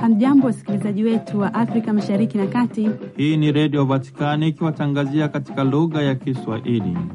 Hamjambo, wasikilizaji wetu wa Afrika mashariki na kati. Hii ni Redio Vatikani ikiwatangazia katika lugha ya Kiswahili. Mm.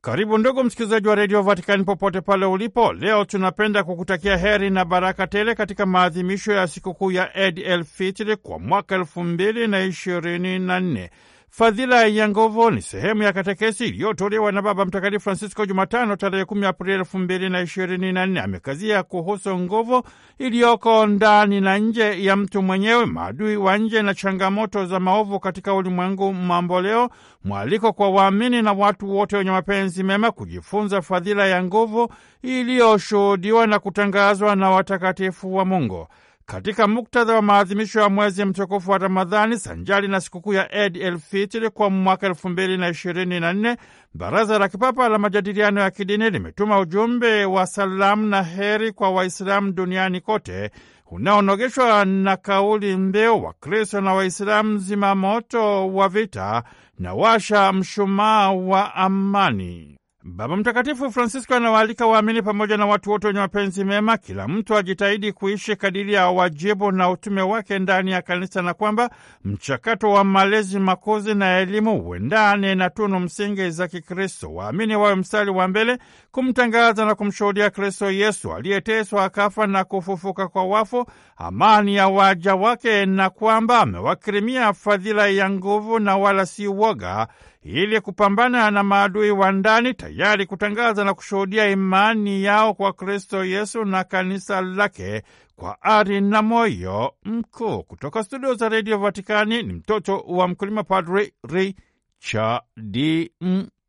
Karibu ndugu msikilizaji wa redio Vatikani popote pale ulipo. Leo tunapenda kukutakia heri na baraka tele katika maadhimisho ya sikukuu ya Eid el Fitri kwa mwaka elfu mbili na ishirini na nne. Fadhila ya Nguvu ni sehemu ya katekesi iliyotolewa na Baba Mtakatifu Francisco Jumatano tarehe 10 Aprili nne. Amekazia kuhusu nguvu iliyoko ndani na nje ya mtu mwenyewe, maadui wa nje na changamoto za maovu katika ulimwengu mamboleo, mwaliko kwa waamini na watu wote wenye mapenzi mema kujifunza fadhila ya nguvu iliyoshuhudiwa na kutangazwa na watakatifu wa Mungu katika muktadha wa maadhimisho ya mwezi mtukufu wa Ramadhani sanjali na sikukuu ya ed el Fitri kwa mwaka elfu mbili na ishirini na nne, Baraza la Kipapa la Majadiliano ya Kidini limetuma ujumbe wa salamu na heri kwa Waislamu duniani kote unaonogeshwa na kauli mbiu Wakristo na Waislamu zima moto wa vita na washa mshumaa wa amani. Baba Mtakatifu Francisco anawaalika waamini pamoja na watu wote wenye mapenzi mema, kila mtu ajitahidi kuishi kadiri ya wajibu na utume wake ndani ya kanisa, na kwamba mchakato wa malezi, makuzi na elimu uendane na tunu msingi za Kikristo. Waamini wawe mstari wa mbele kumtangaza na kumshuhudia Kristo Yesu aliyeteswa, akafa na kufufuka kwa wafu, amani ya waja wake, na kwamba amewakirimia fadhila ya nguvu na wala si woga ili kupambana na maadui wa ndani, tayari kutangaza na kushuhudia imani yao kwa Kristo Yesu na kanisa lake kwa ari na moyo mkuu. Kutoka studio za redio Vatikani ni mtoto wa mkulima, Padri Richard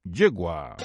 Mjigwa.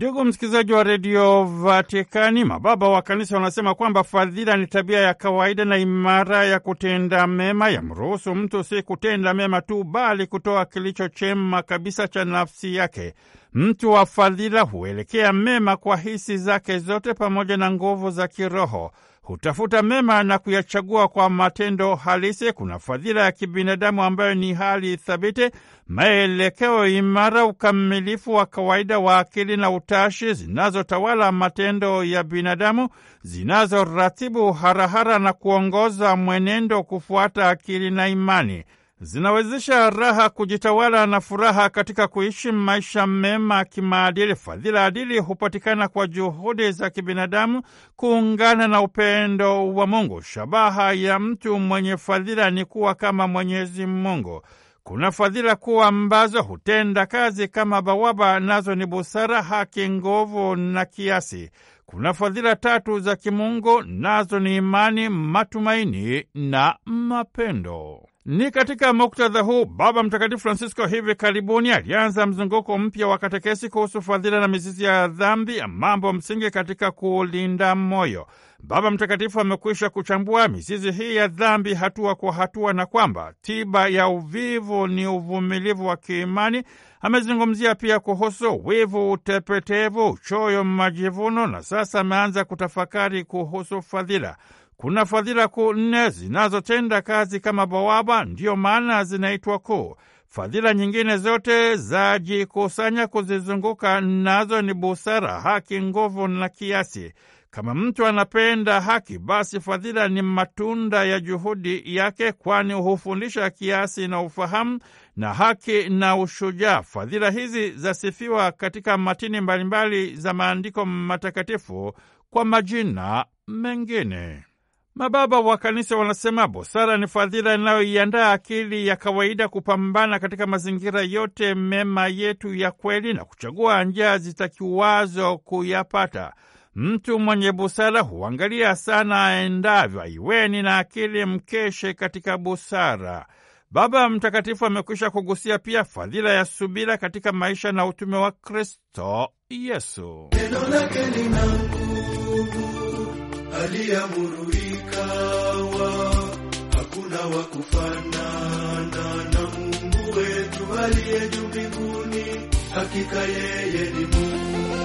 Ndugu msikilizaji wa redio Vatikani, mababa wa kanisa wanasema kwamba fadhila ni tabia ya kawaida na imara ya kutenda mema, ya mruhusu mtu si kutenda mema tu, bali kutoa kilicho chema kabisa cha nafsi yake. Mtu wa fadhila huelekea mema kwa hisi zake zote pamoja na nguvu za kiroho, hutafuta mema na kuyachagua kwa matendo halisi. Kuna fadhila ya kibinadamu ambayo ni hali thabiti, maelekeo imara, ukamilifu wa kawaida wa akili na utashi, zinazotawala matendo ya binadamu, zinazoratibu harahara na kuongoza mwenendo kufuata akili na imani zinawezesha raha kujitawala na furaha katika kuishi maisha mema kimaadili. Fadhila adili hupatikana kwa juhudi za kibinadamu, kuungana na upendo wa Mungu. Shabaha ya mtu mwenye fadhila ni kuwa kama Mwenyezi Mungu. Kuna fadhila kuu ambazo hutenda kazi kama bawaba, nazo ni busara, haki, nguvu na kiasi. Kuna fadhila tatu za kimungu, nazo ni imani, matumaini na mapendo. Ni katika muktadha huu Baba Mtakatifu Francisco hivi karibuni alianza mzunguko mpya wa katekesi kuhusu fadhila na mizizi ya dhambi, mambo msingi katika kulinda moyo. Baba Mtakatifu amekwisha kuchambua mizizi hii ya dhambi hatua kwa hatua, na kwamba tiba ya uvivu ni uvumilivu wa kiimani. Amezungumzia pia kuhusu wivu, utepetevu, uchoyo, majivuno, na sasa ameanza kutafakari kuhusu fadhila. Kuna fadhila kuu nne zinazotenda kazi kama bawaba, ndiyo maana zinaitwa kuu. Fadhila nyingine zote zajikusanya kuzizunguka, nazo ni busara, haki, nguvu na kiasi. Kama mtu anapenda haki, basi fadhila ni matunda ya juhudi yake, kwani hufundisha kiasi na ufahamu na haki na ushujaa. Fadhila hizi zasifiwa katika matini mbalimbali za maandiko matakatifu kwa majina mengine. Mababa wa Kanisa wanasema busara ni fadhila inayoiandaa akili ya kawaida kupambana katika mazingira yote mema yetu ya kweli na kuchagua njia zitakiwazo kuyapata. Mtu mwenye busara huangalia sana aendavyo. Iweni na akili, mkeshe katika busara. Baba Mtakatifu amekwisha kugusia pia fadhila ya subira katika maisha na utume wa Kristo Yesu. Neno lake lina nguvu aliamuru ikawa, hakuna wa kufanana na Mungu wetu aliye juu mbinguni, hakika yeye ni Mungu.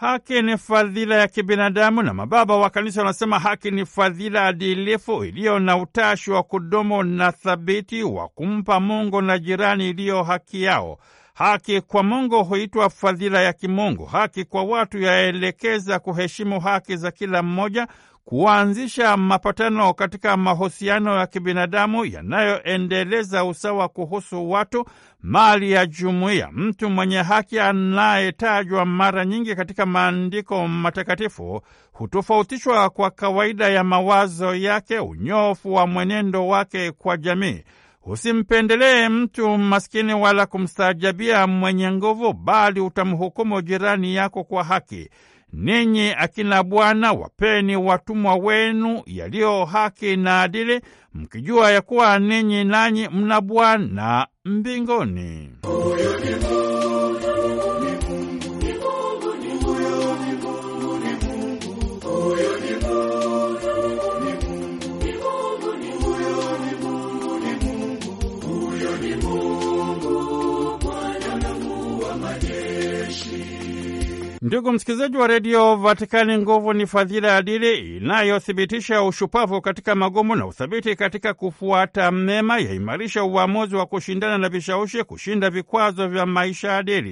Haki ni fadhila ya kibinadamu na mababa wa kanisa wanasema haki ni fadhila adilifu iliyo na utashi wa kudumu na thabiti wa kumpa Mungu na jirani iliyo haki yao. Haki kwa Mungu huitwa fadhila ya kimungu. Haki kwa watu yaelekeza kuheshimu haki za kila mmoja, kuanzisha mapatano katika mahusiano ya kibinadamu yanayoendeleza usawa kuhusu watu, mali ya jumuiya. Mtu mwenye haki anayetajwa mara nyingi katika maandiko matakatifu hutofautishwa kwa kawaida ya mawazo yake, unyofu wa mwenendo wake kwa jamii. Usimpendelee mtu maskini wala kumstaajabia mwenye nguvu, bali utamhukumu jirani yako kwa haki. Ninyi akina bwana, wapeni watumwa wenu yaliyo haki na adili, mkijua ya kuwa ninyi nanyi mna Bwana Ndugu msikilizaji wa redio Vatikani, nguvu ni fadhila ya dili inayothibitisha ushupavu katika magumu na uthabiti katika kufuata mema. Yaimarisha uamuzi wa kushindana na vishawishi, kushinda vikwazo vya maisha ya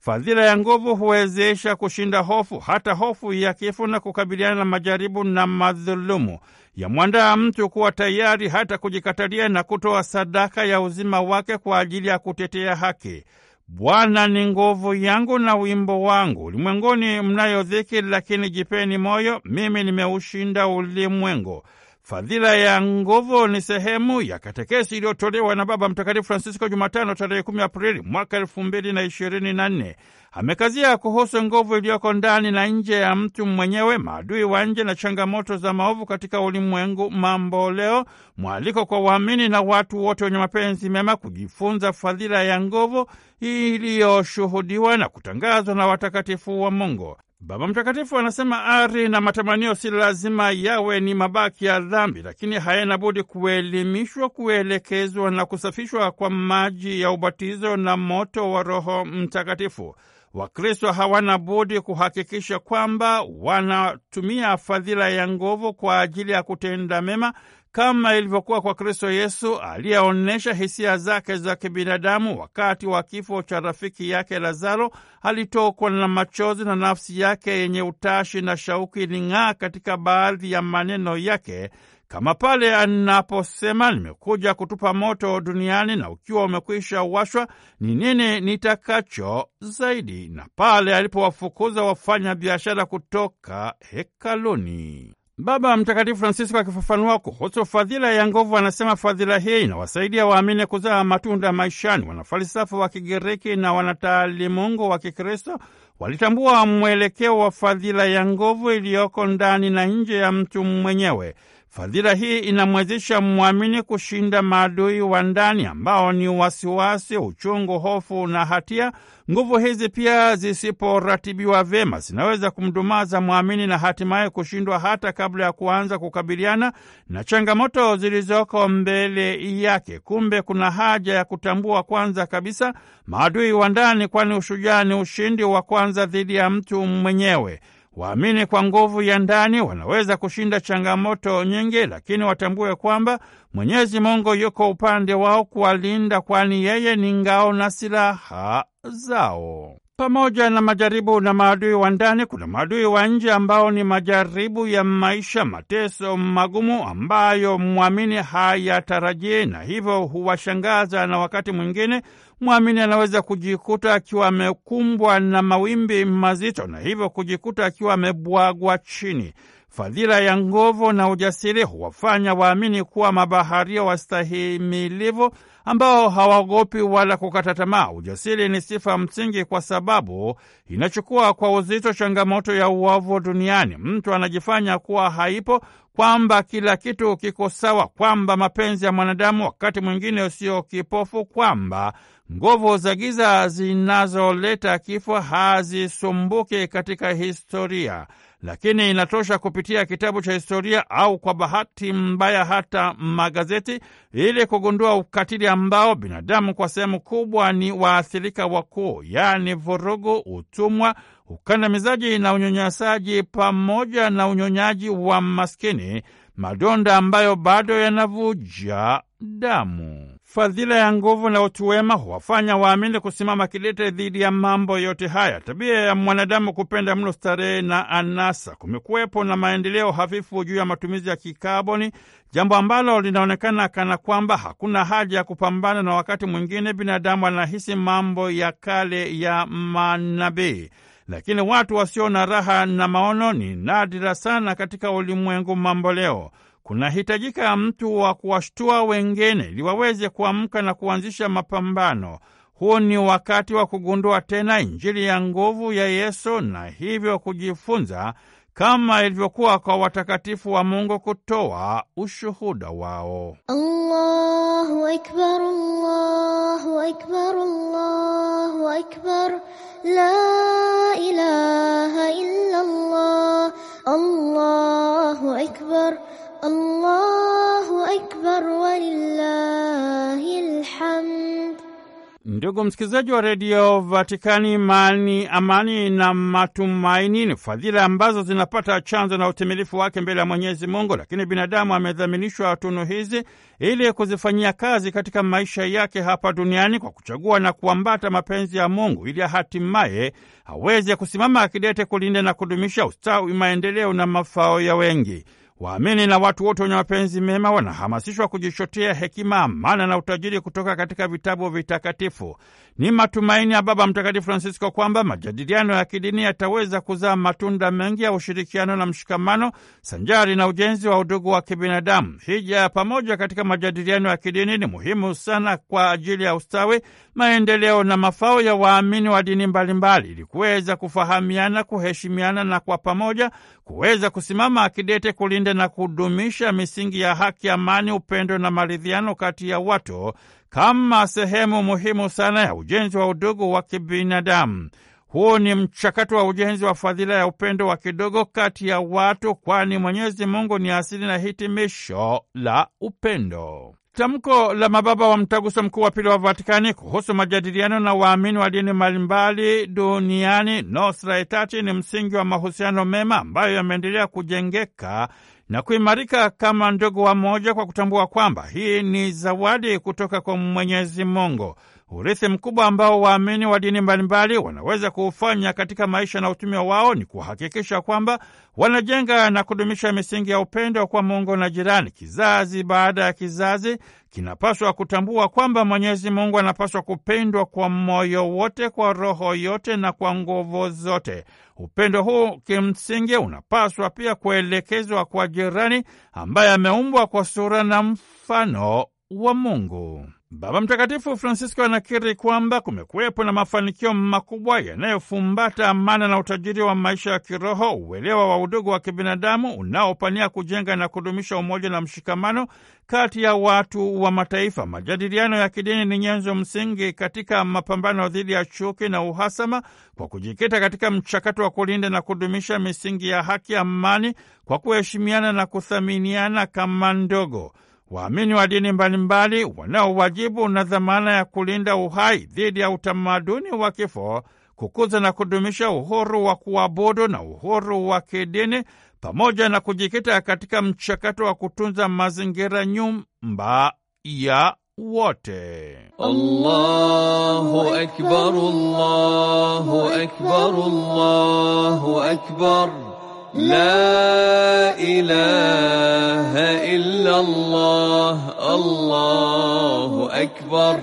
Fadhila ya nguvu huwezesha kushinda hofu, hata hofu ya kifo, na kukabiliana na majaribu na madhulumu. Yamwandaa mtu kuwa tayari hata kujikatalia na kutoa sadaka ya uzima wake kwa ajili ya kutetea haki. Bwana ni nguvu yangu na wimbo wangu. Ulimwenguni mnayo dhiki, lakini jipeni moyo, mimi nimeushinda ulimwengu. Fadhila ya nguvu ni sehemu ya katekesi iliyotolewa na Baba Mtakatifu Francisco Jumatano tarehe 10 Aprili mwaka elfu mbili na ishirini na nne. Amekazia kuhusu nguvu iliyoko ndani na nje ya mtu mwenyewe, maadui wa nje na changamoto za maovu katika ulimwengu mambo leo, mwaliko kwa waamini na watu wote wenye mapenzi mema kujifunza fadhila ya nguvu iliyoshuhudiwa na kutangazwa na watakatifu wa Mungu. Baba Mtakatifu anasema ari na matamanio si lazima yawe ni mabaki ya dhambi, lakini hayana budi kuelimishwa, kuelekezwa na kusafishwa kwa maji ya ubatizo na moto wa Roho Mtakatifu. Wakristo hawana budi kuhakikisha kwamba wanatumia fadhila ya nguvu kwa ajili ya kutenda mema kama ilivyokuwa kwa Kristo Yesu aliyeonyesha hisia zake za kibinadamu wakati wa kifo cha rafiki yake Lazaro. Alitokwa na machozi na nafsi yake yenye utashi na shauku iling'aa katika baadhi ya maneno yake, kama pale anaposema, nimekuja kutupa moto duniani na ukiwa umekwisha washwa, ni nini nitakacho zaidi? Na pale alipowafukuza wafanya biashara kutoka hekaluni. Baba Mtakatifu Francisco akifafanua kuhusu fadhila ya nguvu anasema fadhila hii inawasaidia waamini kuzaa matunda maishani. Wanafalsafa wa Kigiriki na wanataalimungu wa Kikristo walitambua mwelekeo wa fadhila ya nguvu iliyoko ndani na nje ya mtu mwenyewe. Fadhila hii inamwezesha mwamini kushinda maadui wa ndani ambao ni wasiwasi, uchungu, hofu na hatia. Nguvu hizi pia zisiporatibiwa vyema zinaweza kumdumaza mwamini na hatimaye kushindwa hata kabla ya kuanza kukabiliana na changamoto zilizoko mbele yake. Kumbe kuna haja ya kutambua kwanza kabisa maadui wa ndani, kwani ushujaa ni ushindi wa kwanza dhidi ya mtu mwenyewe. Waamini kwa nguvu ya ndani wanaweza kushinda changamoto nyingi, lakini watambue kwamba Mwenyezi Mungu yuko upande wao kuwalinda, kwani yeye ni ngao na silaha zao. Pamoja na majaribu na maadui wa ndani, kuna maadui wa nje ambao ni majaribu ya maisha, mateso magumu ambayo mwamini hayatarajii, na hivyo huwashangaza, na wakati mwingine mwamini anaweza kujikuta akiwa amekumbwa na mawimbi mazito, na hivyo kujikuta akiwa amebwagwa chini. Fadhila ya nguvu na ujasiri huwafanya waamini kuwa mabaharia wastahimilivu ambao hawaogopi wala kukata tamaa. Ujasiri ni sifa msingi, kwa sababu inachukua kwa uzito changamoto ya uovu duniani. Mtu anajifanya kuwa haipo, kwamba kila kitu kiko sawa, kwamba mapenzi ya mwanadamu wakati mwingine sio kipofu, kwamba nguvu za giza zinazoleta kifo hazisumbuki katika historia lakini inatosha kupitia kitabu cha historia au kwa bahati mbaya hata magazeti ili kugundua ukatili ambao binadamu kwa sehemu kubwa ni waathirika wakuu, yaani vurugu, utumwa, ukandamizaji na unyonyasaji, pamoja na unyonyaji wa maskini, madonda ambayo bado yanavuja damu. Fadhila ya nguvu na utu wema huwafanya waamini kusimama kidete dhidi ya mambo yote haya. Tabia ya mwanadamu kupenda mno starehe na anasa. Kumekuwepo na maendeleo hafifu juu ya matumizi ya kikaboni, jambo ambalo linaonekana kana kwamba hakuna haja ya kupambana, na wakati mwingine binadamu anahisi mambo ya kale ya manabii. Lakini watu wasio na raha na maono ni nadira sana katika ulimwengu mambo leo kunahitajika mtu wa kuwashtua wengine ili waweze kuamka na kuanzisha mapambano. Huu ni wakati wa kugundua tena Injili ya nguvu ya Yesu na hivyo kujifunza kama ilivyokuwa kwa watakatifu wa Mungu kutoa ushuhuda wao. Allahu akbar, Allahu akbar, Allahu akbar, la ilaha illa Allah, Allahu akbar Allahu akbar walillahi alhamd. Ndugu msikilizaji wa redio Vatikani, imani, amani na matumaini ni fadhila ambazo zinapata chanzo na utimilifu wake mbele ya Mwenyezi Mungu, lakini binadamu amedhaminishwa tunu hizi ili kuzifanyia kazi katika maisha yake hapa duniani kwa kuchagua na kuambata mapenzi ya Mungu ili hatimaye aweze kusimama akidete kulinda na kudumisha ustawi, maendeleo na mafao ya wengi. Waamini na watu wote wenye mapenzi mema wanahamasishwa kujichotea hekima, amana na utajiri kutoka katika vitabu vitakatifu. Ni matumaini ya Baba Mtakatifu Francisco kwamba majadiliano ya kidini yataweza kuzaa matunda mengi ya ushirikiano na mshikamano, sanjari na ujenzi wa udugu wa kibinadamu. Hija ya pamoja katika majadiliano ya kidini ni muhimu sana kwa ajili ya ustawi, maendeleo na mafao ya waamini wa dini mbalimbali, ili kuweza kufahamiana, kuheshimiana na kwa pamoja kuweza kusimama akidete kulinda na kudumisha misingi ya haki, amani, upendo na maridhiano kati ya watu kama sehemu muhimu sana ya ujenzi wa udugu wa kibinadamu. Huu ni mchakato wa ujenzi wa fadhila ya upendo wa kidogo kati ya watu, kwani Mwenyezi Mungu ni asili na hitimisho la upendo. Tamko la mababa wa mtaguso mkuu wa pili wa Vatikani kuhusu majadiliano na waamini wa dini mbalimbali duniani Nostra Aetate ni msingi wa mahusiano mema ambayo yameendelea kujengeka na kuimarika kama ndugu wa moja kwa kutambua kwamba hii ni zawadi kutoka kwa Mwenyezi Mungu. Urithi mkubwa ambao waamini wa dini mbalimbali wanaweza kuufanya katika maisha na utumia wao ni kuhakikisha kwamba wanajenga na kudumisha misingi ya upendo kwa Mungu na jirani. Kizazi baada ya kizazi kinapaswa kutambua kwamba Mwenyezi Mungu anapaswa kupendwa kwa moyo wote, kwa roho yote na kwa nguvu zote. Upendo huu kimsingi unapaswa pia kuelekezwa kwa jirani ambaye ameumbwa kwa sura na mfano wa Mungu. Baba Mtakatifu Francisco anakiri kwamba kumekuwepo na mafanikio makubwa yanayofumbata amana na utajiri wa maisha ya kiroho, uelewa wa udugu wa kibinadamu unaopania kujenga na kudumisha umoja na mshikamano kati ya watu wa mataifa. Majadiliano ya kidini ni nyenzo msingi katika mapambano dhidi ya chuki na uhasama, kwa kujikita katika mchakato wa kulinda na kudumisha misingi ya haki, amani, kwa kuheshimiana na kuthaminiana kama ndogo waamini wa dini mbalimbali wanao wajibu na dhamana ya kulinda uhai dhidi ya utamaduni wa kifo, kukuza na kudumisha uhuru wa kuabudu na uhuru wa kidini, pamoja na kujikita katika mchakato wa kutunza mazingira nyumba ya wote. Allahu akbar, Allahu akbar, Allahu akbar. لا إله إلا الله الله أكبر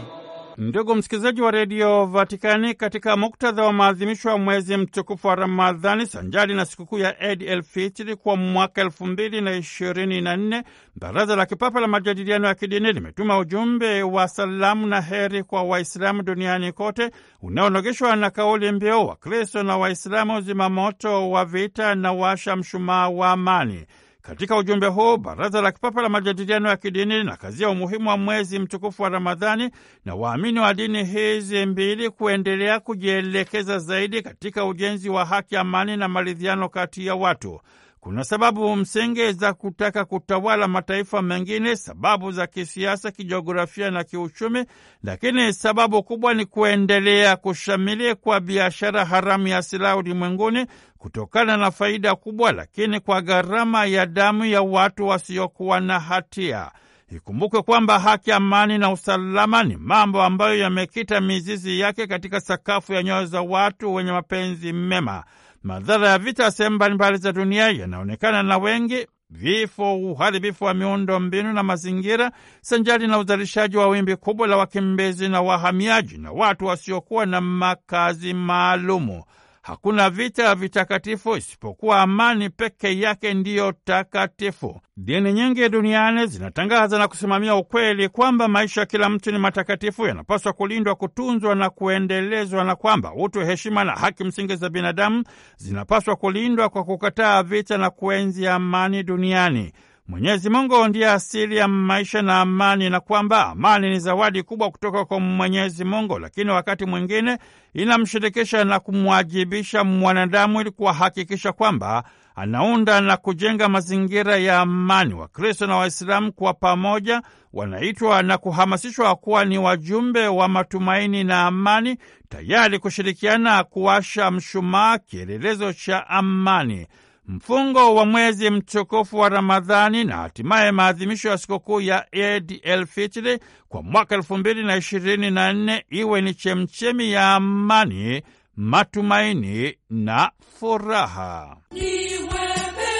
Ndugu msikilizaji wa redio Vatikani, katika muktadha wa maadhimisho ya mwezi mtukufu wa Ramadhani sanjari na sikukuu ya ed el Fitri kwa mwaka elfu mbili na ishirini na nne, Baraza la Kipapa la Majadiliano ya Kidini limetuma ujumbe wa salamu na heri kwa Waislamu duniani kote unaonogeshwa na kauli mbiu Wakristo na Waislamu, zima moto wa vita na washa mshumaa wa amani. Katika ujumbe huu, Baraza la Kipapa la Majadiliano ya Kidini linakazia umuhimu wa mwezi mtukufu wa Ramadhani na waamini wa dini hizi mbili kuendelea kujielekeza zaidi katika ujenzi wa haki, amani na maridhiano kati ya watu. Kuna sababu msingi za kutaka kutawala mataifa mengine, sababu za kisiasa, kijiografia na kiuchumi, lakini sababu kubwa ni kuendelea kushamili kwa biashara haramu ya silaha ulimwenguni kutokana na faida kubwa, lakini kwa gharama ya damu ya watu wasiokuwa na hatia. Ikumbukwe kwamba haki, amani na usalama ni mambo ambayo yamekita mizizi yake katika sakafu ya nyoyo za watu wenye mapenzi mema. Madhara ya vita sehemu mbalimbali za dunia yanaonekana na wengi: vifo, uharibifu wa miundo mbinu na mazingira, sanjari na uzalishaji wa wimbi kubwa la wakimbizi na wahamiaji na watu wasiokuwa na makazi maalumu. Hakuna vita vitakatifu isipokuwa amani peke yake ndiyo takatifu. Dini nyingi duniani zinatangaza na kusimamia ukweli kwamba maisha ya kila mtu ni matakatifu, yanapaswa kulindwa, kutunzwa na kuendelezwa, na kwamba utu, heshima na haki msingi za binadamu zinapaswa kulindwa kwa kukataa vita na kuenzi amani duniani. Mwenyezi Mungu ndiye asili ya maisha na amani, na kwamba amani ni zawadi kubwa kutoka kwa Mwenyezi Mungu, lakini wakati mwingine inamshirikisha na kumwajibisha mwanadamu ili kuwahakikisha kwamba anaunda na kujenga mazingira ya amani. Wakristo na Waislamu kwa pamoja wanaitwa na kuhamasishwa kuwa ni wajumbe wa matumaini na amani, tayari kushirikiana kuwasha mshumaa, kielelezo cha amani mfungo wa mwezi mtukufu wa Ramadhani na hatimaye maadhimisho ya sikukuu ya Eid el Fitri kwa mwaka elfu mbili na ishirini na nne iwe ni chemchemi ya amani, matumaini na furaha. Niwebe,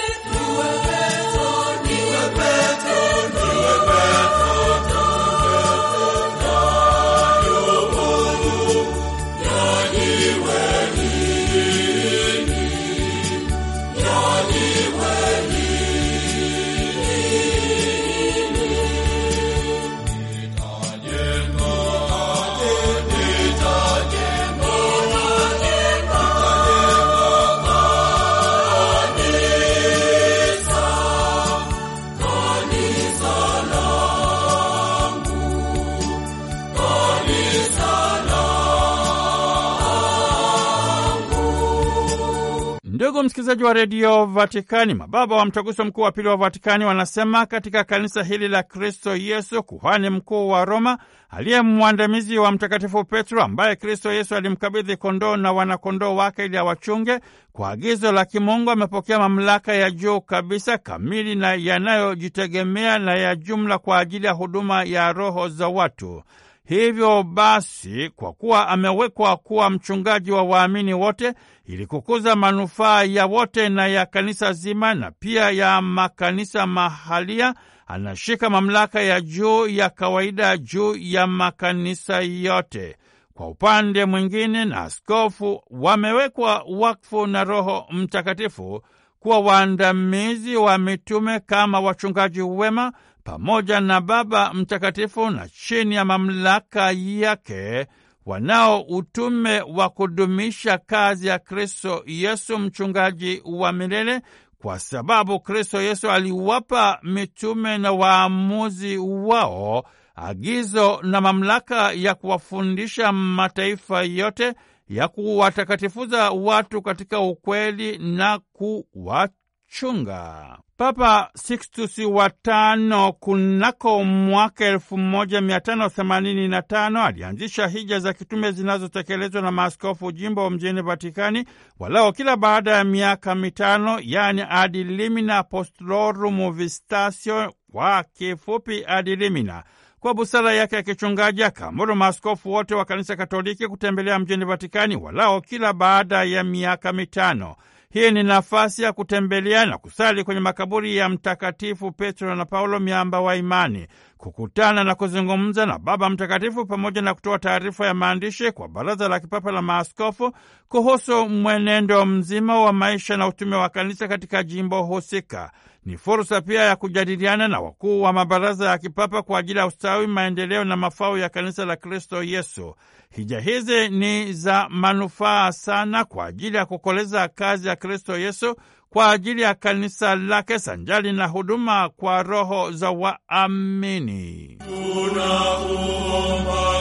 wasikilizaji wa redio Vatikani, mababa wa mtaguso mkuu wa pili wa Vatikani wanasema katika kanisa hili la Kristo Yesu, kuhani mkuu wa Roma aliye mwandamizi wa Mtakatifu Petro, ambaye Kristo Yesu alimkabidhi kondoo na wanakondoo wake ili awachunge, kwa agizo la kimungu amepokea mamlaka ya juu kabisa, kamili na yanayojitegemea na ya jumla kwa ajili ya huduma ya roho za watu. Hivyo basi, kwa kuwa amewekwa kuwa mchungaji wa waamini wote, ili kukuza manufaa ya wote na ya kanisa zima na pia ya makanisa mahalia, anashika mamlaka ya juu ya kawaida juu ya makanisa yote. Kwa upande mwingine, na askofu wamewekwa wakfu na Roho Mtakatifu kuwa waandamizi wa mitume kama wachungaji wema pamoja na Baba Mtakatifu na chini ya mamlaka yake wanao utume wa kudumisha kazi ya Kristo Yesu mchungaji wa milele, kwa sababu Kristo Yesu aliwapa mitume na waamuzi wao agizo na mamlaka ya kuwafundisha mataifa yote, ya kuwatakatifuza watu katika ukweli na kuwa kuchunga. Papa Sixtus tano kunako mwaka elfu moja mia tano themanini na tano alianzisha hija za kitume zinazotekelezwa na maaskofu jimbo mjini Vatikani walao kila baada ya miaka mitano, yaani adilimina apostolorum vistasio, kwa kifupi adilimina. Kwa busara yake ya kichungaji akaamuru maaskofu wote wa kanisa Katoliki kutembelea mjini Vatikani walao kila baada ya miaka mitano. Hii ni nafasi ya kutembelea na kusali kwenye makaburi ya Mtakatifu Petro na Paulo, miamba wa imani, kukutana na kuzungumza na Baba Mtakatifu pamoja na kutoa taarifa ya maandishi kwa Baraza la Kipapa la Maaskofu kuhusu mwenendo mzima wa maisha na utume wa Kanisa katika jimbo husika. Ni fursa pia ya kujadiliana na wakuu wa mabaraza ya kipapa kwa ajili ya ustawi, maendeleo na mafao ya kanisa la Kristo Yesu. Hija hizi ni za manufaa sana kwa ajili ya kukoleza kazi ya Kristo Yesu kwa ajili ya kanisa lake, sanjali na huduma kwa roho za waamini. Tunaomba.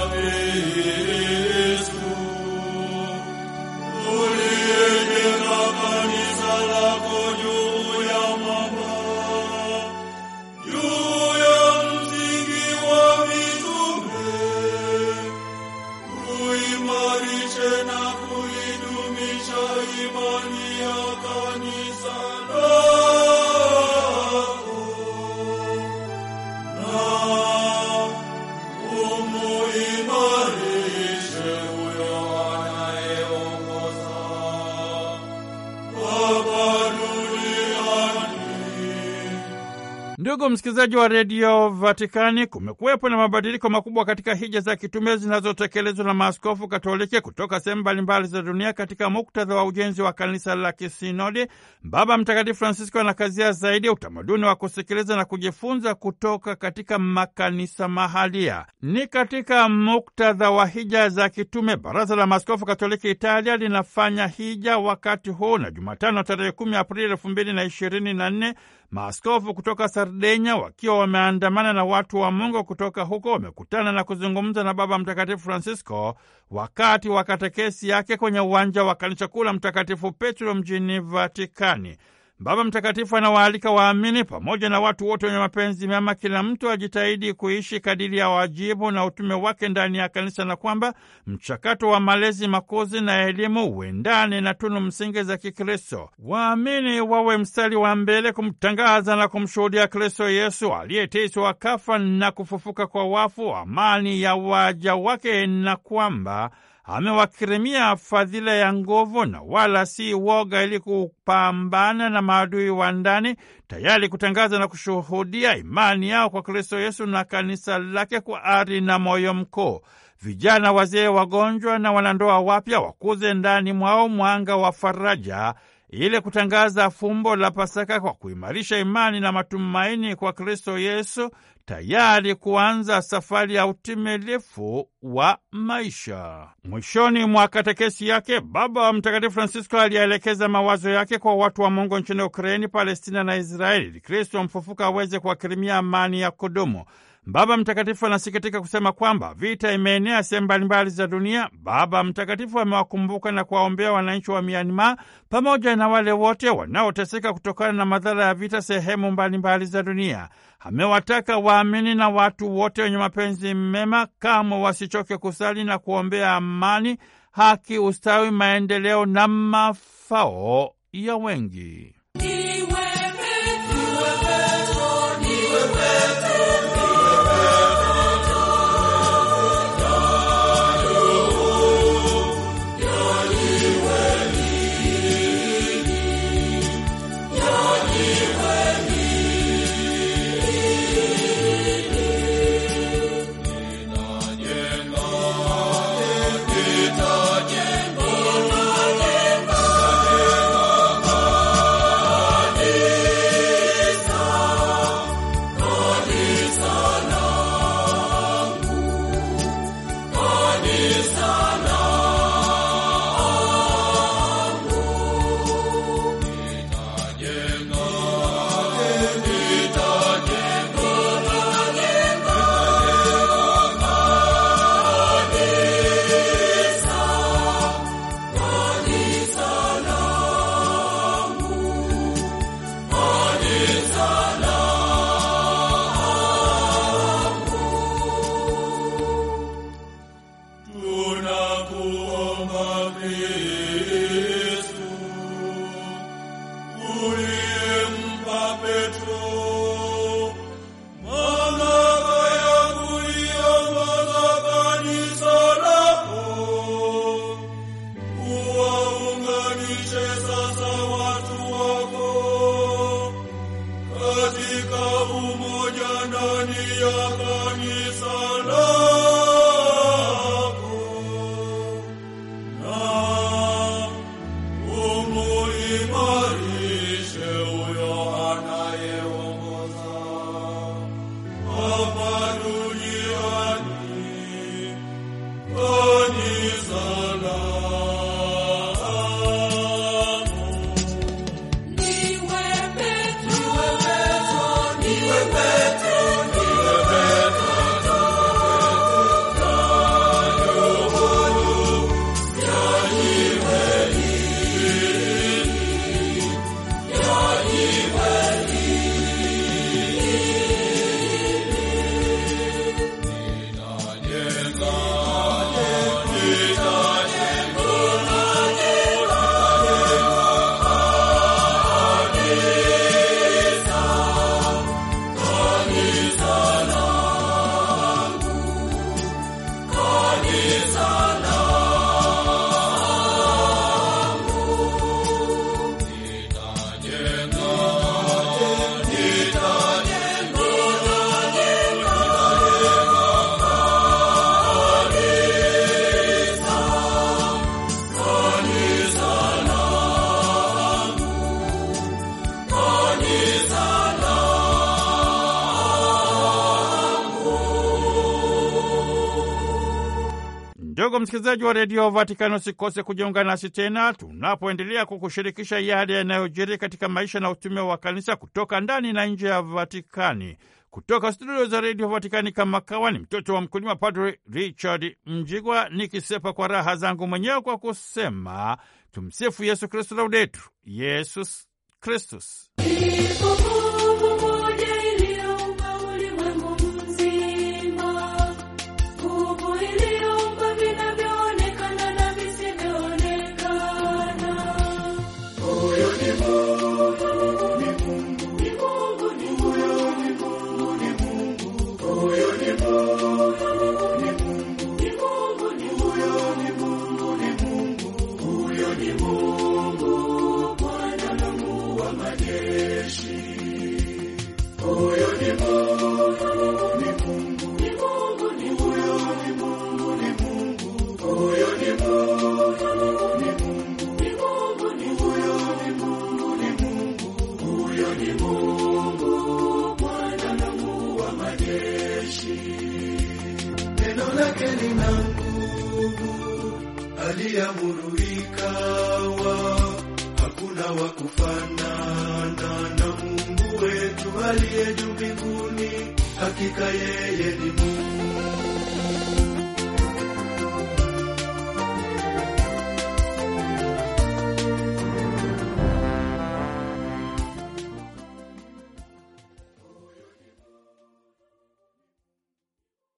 Ndugu msikilizaji wa redio Vatikani, kumekuwepo na mabadiliko makubwa katika hija za kitume zinazotekelezwa na maaskofu Katoliki kutoka sehemu mbalimbali za dunia katika muktadha wa ujenzi wa kanisa la kisinodi. Baba Mtakatifu Francisco anakazia zaidi utamaduni wa kusikiliza na kujifunza kutoka katika makanisa mahalia. Ni katika muktadha wa hija za kitume, baraza la maaskofu Katoliki Italia linafanya hija wakati huu, na Jumatano tarehe 10 Aprili elfu mbili na ishirini na nne Maaskofu kutoka Sardenya wakiwa wameandamana na watu wa Mungu kutoka huko wamekutana na kuzungumza na Baba Mtakatifu Francisco wakati wa katekesi yake kwenye uwanja wa kanisa kuu la Mtakatifu Petro mjini Vatikani. Baba Mtakatifu anawaalika waamini pamoja na watu wote wenye mapenzi mema, kila mtu ajitahidi kuishi kadiri ya wajibu na utume wake ndani ya kanisa, na kwamba mchakato wa malezi, makuzi na elimu uendane na tunu msingi za Kikristo. Waamini wawe mstari wa mbele kumtangaza na kumshuhudia Kristo Yesu aliyeteswa, kafa na kufufuka kwa wafu, amani ya waja wake, na kwamba amewakirimia fadhila ya nguvu na wala si woga, ili kupambana na maadui wa ndani, tayari kutangaza na kushuhudia imani yao kwa Kristo Yesu na kanisa lake kwa ari na moyo mkuu. Vijana, wazee, wagonjwa na wanandoa wapya wakuze ndani mwao mwanga wa faraja ili kutangaza fumbo la Pasaka kwa kuimarisha imani na matumaini kwa Kristo Yesu tayari kuanza safari ya utimilifu wa maisha. Mwishoni mwa katekesi yake, Baba Mtakatifu Francisco alielekeza mawazo yake kwa watu wa Mungu nchini Ukraini, Palestina na Israeli, Kristo mfufuka aweze kuwakirimia amani ya kudumu. Baba Mtakatifu anasikitika kusema kwamba vita imeenea sehemu mbalimbali za dunia. Baba Mtakatifu amewakumbuka na kuwaombea wananchi wa Myanmar pamoja na wale wote wanaoteseka kutokana na madhara ya vita sehemu mbalimbali za dunia. Amewataka waamini na watu wote wenye mapenzi mema kamwe wasichoke kusali na kuombea amani, haki, ustawi, maendeleo na mafao ya wengi. Ndugu msikilizaji wa redio Vatikani, usikose kujiunga nasi tena tunapoendelea kukushirikisha yale yanayojiri katika maisha na utume wa kanisa kutoka ndani na nje ya Vatikani. Kutoka studio za redio Vatikani, kama kawa ni mtoto wa mkulima, Padre Richard Mjigwa, nikisepa kwa raha zangu mwenyewe kwa kusema tumsifu Yesu Kristu, laudetur Yesus Kristus.